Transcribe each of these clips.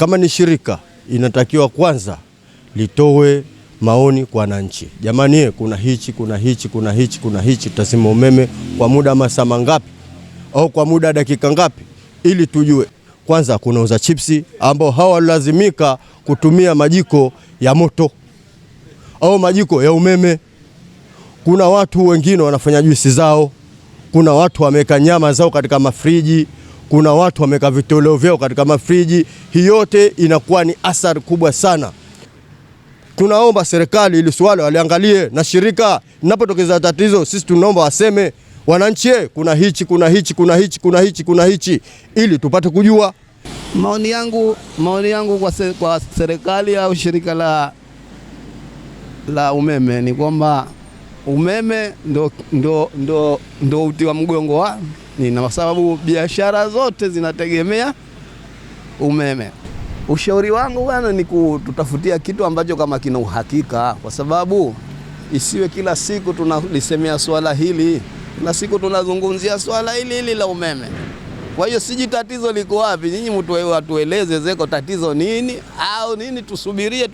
Kama ni shirika, inatakiwa kwanza litoe maoni kwa wananchi, jamani, eh, kuna hichi kuna hichi kuna hichi kuna hichi, tutasema umeme kwa muda masaa mangapi au kwa muda dakika ngapi, ili tujue kwanza. kuna uza chipsi ambao hawalazimika kutumia majiko ya moto au majiko ya umeme. Kuna watu wengine wanafanya juisi zao, kuna watu wameweka nyama zao katika mafriji kuna watu wameweka vitoleo vyao katika mafriji. Hii yote inakuwa ni athari kubwa sana. Tunaomba serikali ili swala waliangalie na shirika linapotokeza tatizo, sisi tunaomba waseme wananchi, eh, kuna hichi, kuna hichi, kuna hichi, kuna hichi, kuna hichi, ili tupate kujua. Maoni yangu, maoni yangu kwa, se, kwa serikali au shirika la, la umeme ni kwamba umeme ndo, ndo, ndo, ndo uti wa mgongo wa ni kwa sababu biashara zote zinategemea umeme. Ushauri wangu bwana ni kututafutia kitu ambacho kama kina uhakika, kwa sababu isiwe kila siku tunalisemea swala hili, kila siku tunazungumzia swala hili hili la umeme. Kwa hiyo siji tatizo liko wapi? Nyinyi mtu atueleze zeko tatizo nini au nini, tusubirie?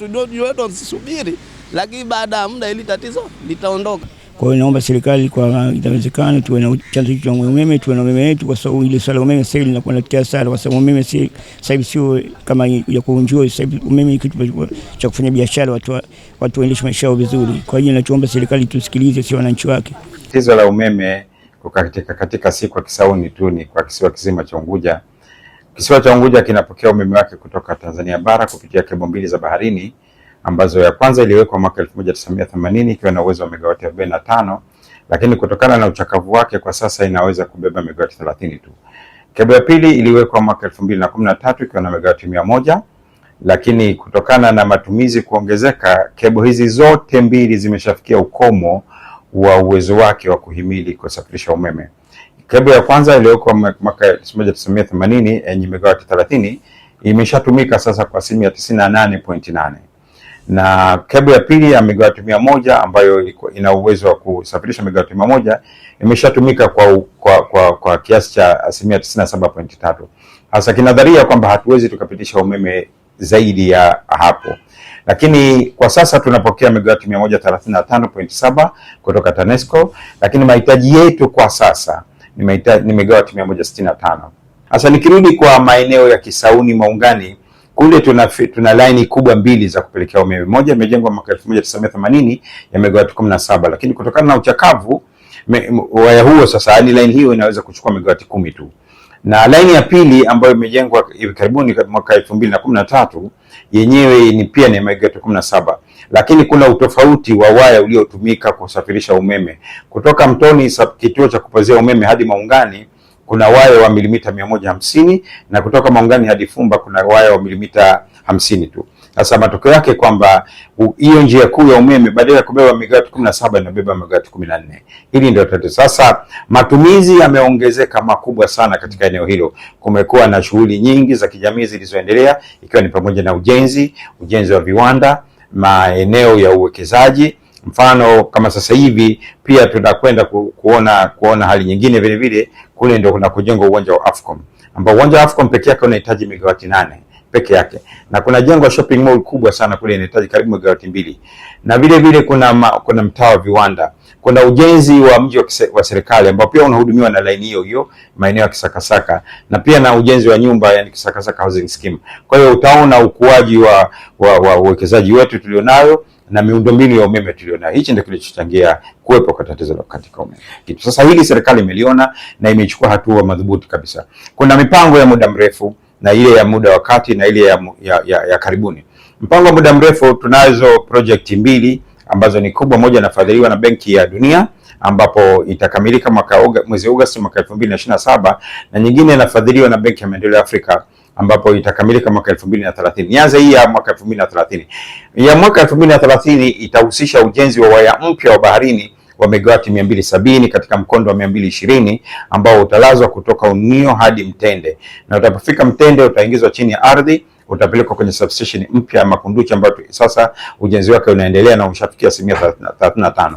Tusubiri, lakini baada ya muda hili tatizo litaondoka. Kwa hiyo naomba serikali kwa itawezekana, tuwe na chanzo cha umeme, tuwe na umeme wetu, kwa sababu ile swala umeme sasa linakuwa linatetea sana, kwa sababu umeme sasa hivi sio kama ya kuunjua. Sasa hivi umeme ni kitu cha kufanya biashara, watu watu waendeshe maisha yao vizuri. Kwa hiyo nachoomba serikali tusikilize, sio wananchi wake. Tatizo la umeme katika katika si kwa Kisauni tu, ni kwa kisiwa kizima cha Unguja. Kisiwa cha Unguja kinapokea umeme wake kutoka Tanzania bara kupitia kebo mbili za baharini ambazo ya kwanza iliwekwa mwaka 1980 ikiwa na uwezo wa megawati 45, lakini kutokana na uchakavu wake kwa sasa inaweza kubeba megawati 30 tu. Kebo ya pili iliwekwa mwaka 2013 ikiwa na megawati 100, lakini kutokana na matumizi kuongezeka, kebo hizi zote mbili zimeshafikia ukomo wa uwezo wake wa kuhimili kusafirisha umeme. Kebo ya kwanza iliyowekwa mwaka 1980 yenye megawati 30 imeshatumika sasa kwa asilimia 98.8 na kebo ya pili ya megawati mia moja ambayo ina uwezo wa kusafirisha megawati mia moja imeshatumika kwa, kwa, kwa, kwa kiasi cha asilimia 97.3. Hasa kinadharia kwamba hatuwezi tukapitisha umeme zaidi ya hapo, lakini kwa sasa tunapokea megawati 135.7 kutoka TANESCO, lakini mahitaji yetu kwa sasa ni megawati 165. Hasa nikirudi kwa maeneo ya Kisauni Maungani kule tuna, tuna laini kubwa mbili za kupelekea umeme. Moja imejengwa mwaka 1980 ya megawati 17, lakini kutokana na uchakavu waya huo sasa, hadi laini hiyo inaweza kuchukua megawati kumi tu, na laini ya pili ambayo imejengwa hivi karibuni mwaka 2013 yenyewe ni pia ni megawati 17, lakini kuna utofauti wa waya uliotumika kusafirisha umeme kutoka Mtoni kituo cha kupozea umeme hadi Maungani kuna waya wa milimita mia moja hamsini na kutoka Maungani hadi Fumba kuna waya wa milimita hamsini tu. Sasa matokeo yake kwamba hiyo njia kuu ya umeme badala ya kubeba megawati kumi na saba inabeba megawati kumi na nne. Hili ndio tatizo. Sasa matumizi yameongezeka makubwa sana katika eneo hilo. Kumekuwa na shughuli nyingi za kijamii zilizoendelea, ikiwa ni pamoja na ujenzi, ujenzi wa viwanda, maeneo ya uwekezaji Mfano kama sasa hivi pia tunakwenda ku, kuona kuona hali nyingine vile vile, kule ndio kuna kujengwa uwanja wa AFCON ambao uwanja wa AFCON pekee yake unahitaji megawati nane peke yake, na kuna jengo la shopping mall kubwa sana kule inahitaji karibu megawati mbili, na vile vile kuna ma, kuna mtaa wa viwanda, kuna ujenzi wa mji wa serikali ambao pia unahudumiwa na laini hiyo hiyo maeneo ya Kisakasaka, na pia na ujenzi wa nyumba yani Kisakasaka housing scheme. Kwa hiyo utaona ukuaji wa wa uwekezaji wetu tulionayo na miundombinu ya umeme tuliona. Hichi ndio kilichochangia kuwepo kwa tatizo la katika umeme. Kitu sasa hili serikali imeliona na imechukua hatua madhubuti kabisa. Kuna mipango ya muda mrefu na ile ya muda wa kati na ile ya, ya, ya, ya karibuni. Mpango wa muda mrefu tunazo projekti mbili ambazo ni kubwa. Moja inafadhiliwa na Benki ya Dunia ambapo itakamilika mwaka mwezi Agosti mwaka 2027 na nyingine inafadhiliwa na Benki ya Maendeleo ya Afrika ambapo itakamilika mwaka 2030. Nianze hii ya mwaka 2030. Ya mwaka 2030 itahusisha ujenzi wa waya mpya wa baharini wa megawati sabini katika mkondo wa ishirini ambao utalazwa kutoka Unio hadi Mtende, na utapofika Mtende utaingizwa chini ya ardhi utapelekwa kwenye substation mpya ya Makunduchi ambayo sasa ujenzi wake unaendelea na umeshafikia asilimia 35.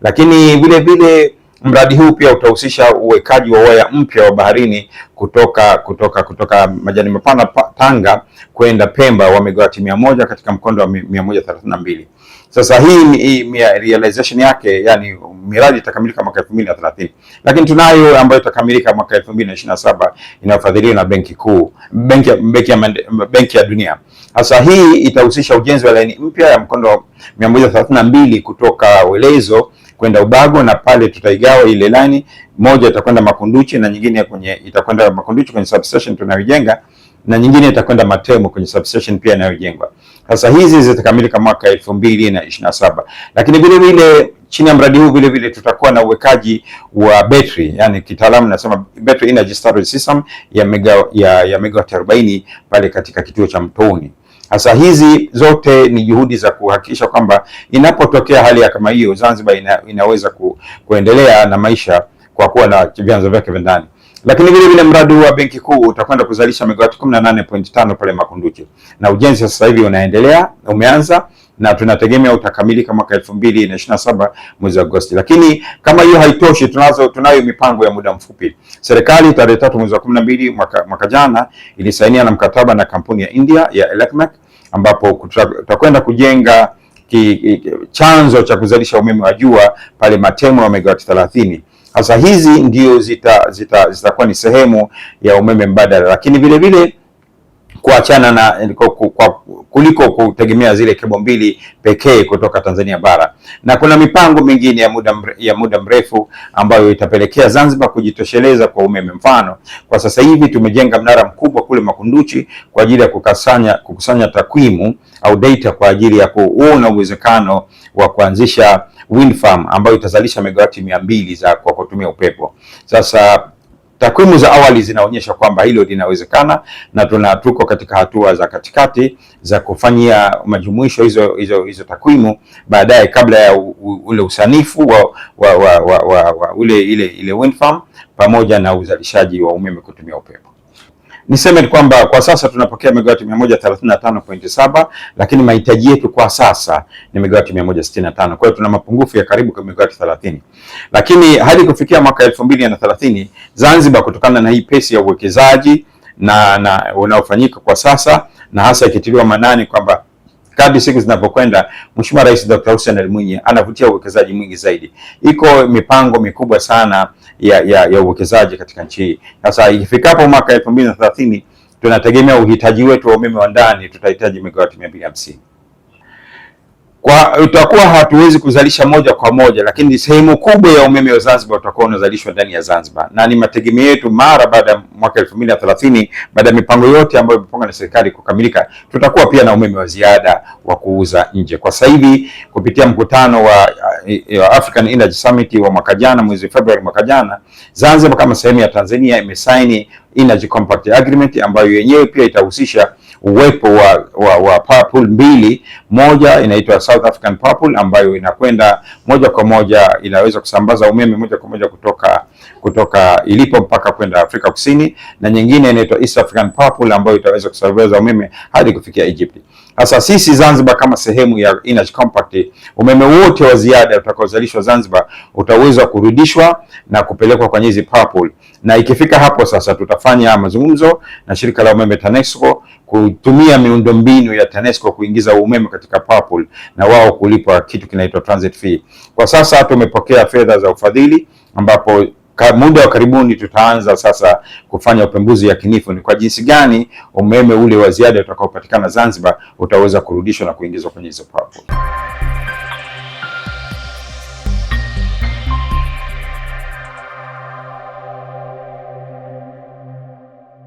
Lakini vile vile mradi huu pia utahusisha uwekaji wa waya mpya wa baharini kutoka kutoka kutoka Majani Mapana Tanga kwenda Pemba wa megawati mia moja katika mkondo wa 132. Sasa hii ni realization yake yani miradi itakamilika mwaka 2030 lakini tunayo ambayo itakamilika mwaka 2027 inayofadhiliwa na benki kuu, benki benki ya, benki ya dunia. Sasa hii itahusisha ujenzi wa laini mpya ya mkondo 132 kutoka Welezo kwenda Ubago na pale tutaigawa ile laini moja itakwenda Makunduchi na nyingine kwenye itakwenda Makunduchi kwenye substation tunayojenga na nyingine itakwenda Matemo kwenye substation pia inayojengwa. Sasa hizi zitakamilika mwaka elfu mbili na ishirini na saba, lakini vile vile chini ya mradi huu vile vile tutakuwa na uwekaji wa battery, yani kitaalamu nasema battery energy storage system ya mega ya, ya megawati 40 pale katika kituo cha Mtouni. Sasa hizi zote ni juhudi za kuhakikisha kwamba inapotokea hali ya kama hiyo Zanzibar ina, inaweza ku, kuendelea na maisha kwa kuwa na vyanzo vyake vya ndani. Lakini vile vile mradi huu wa benki kuu utakwenda kuzalisha megawati 18.5 pale Makunduchi, na ujenzi sasa hivi unaendelea, umeanza na tunategemea utakamilika mwaka 2027 mwezi Agosti. Lakini kama hiyo haitoshi, tunazo tunayo mipango ya muda mfupi. Serikali tarehe tatu mwezi wa 12 mwaka, mwaka jana ilisainia na mkataba na kampuni ya India ya Elecmac ambapo tutakwenda kujenga ki, ki, chanzo cha kuzalisha umeme wa jua pale Matemo wa megawati 30 sasa hizi ndio zitakuwa zita, zita ni sehemu ya umeme mbadala, lakini vile vile kuachana na kwa, kuliko kutegemea zile kebo mbili pekee kutoka Tanzania bara, na kuna mipango mingine ya muda ya muda mrefu ambayo itapelekea Zanzibar kujitosheleza kwa umeme. Mfano, kwa sasa hivi tumejenga mnara mkubwa kule Makunduchi kwa ajili ya kukusanya kukusanya takwimu au data kwa ajili ya kuona uwezekano wa kuanzisha wind farm ambayo itazalisha megawati mia mbili za kwa kutumia upepo. Sasa takwimu za awali zinaonyesha kwamba hilo linawezekana na tuna tuko katika hatua za katikati za kufanyia majumuisho hizo hizo hizo takwimu baadaye, kabla ya ule usanifu wa, wa, wa, wa, wa, wa ule ile ile wind farm pamoja na uzalishaji wa umeme kutumia upepo niseme kwamba kwa sasa tunapokea megawati 135.7 lakini mahitaji yetu kwa sasa ni megawati 165. Kwa hiyo tuna mapungufu ya karibu megawati 30, lakini hadi kufikia mwaka 2030 Zanzibar, kutokana na hii pesi ya uwekezaji na na unaofanyika kwa sasa na hasa ikitiliwa manani kwamba kadri siku zinavyokwenda, Mheshimiwa Rais Dr. Hussein Ali Mwinyi anavutia uwekezaji mwingi zaidi. Iko mipango mikubwa sana ya, ya, ya uwekezaji katika nchi hii. Sasa ifikapo mwaka elfu mbili na thelathini tunategemea uhitaji wetu wa umeme wa ndani tutahitaji megawati mia mbili hamsini kwa utakuwa hatuwezi kuzalisha moja kwa moja, lakini sehemu kubwa ya umeme wa Zanzibar utakuwa unazalishwa ndani ya Zanzibar, na ni mategemeo yetu mara baada ya mwaka elfu mbili na thelathini, baada ya mipango yote ambayo imepangwa na serikali kukamilika, tutakuwa pia na umeme wa ziada wa kuuza nje. Kwa sasa hivi kupitia mkutano wa, wa African Energy Summit wa mwaka jana mwezi Februari mwaka jana, Zanzibar kama sehemu ya Tanzania imesaini Energy Compact Agreement ambayo yenyewe pia itahusisha uwepo wa, wa, wa purple mbili, moja inaitwa South African Purple ambayo inakwenda moja kwa moja, inaweza kusambaza umeme moja kwa moja kutoka kutoka ilipo mpaka kwenda Afrika Kusini, na nyingine inaitwa East African Purple ambayo itaweza kusambaza umeme hadi kufikia Egypt. Sasa sisi Zanzibar kama sehemu ya Energy Compact, umeme wote wa ziada utakaozalishwa Zanzibar utaweza kurudishwa na kupelekwa kwenye hizi power pool, na ikifika hapo sasa tutafanya mazungumzo na shirika la umeme TANESCO kutumia miundombinu ya TANESCO kuingiza umeme katika power pool na wao kulipa kitu kinaitwa transit fee. Kwa sasa tumepokea fedha za ufadhili ambapo muda wa karibuni tutaanza sasa kufanya upembuzi yakinifu ni kwa jinsi gani umeme ule wa ziada utakaopatikana Zanzibar utaweza kurudishwa na kuingizwa kwenye hizo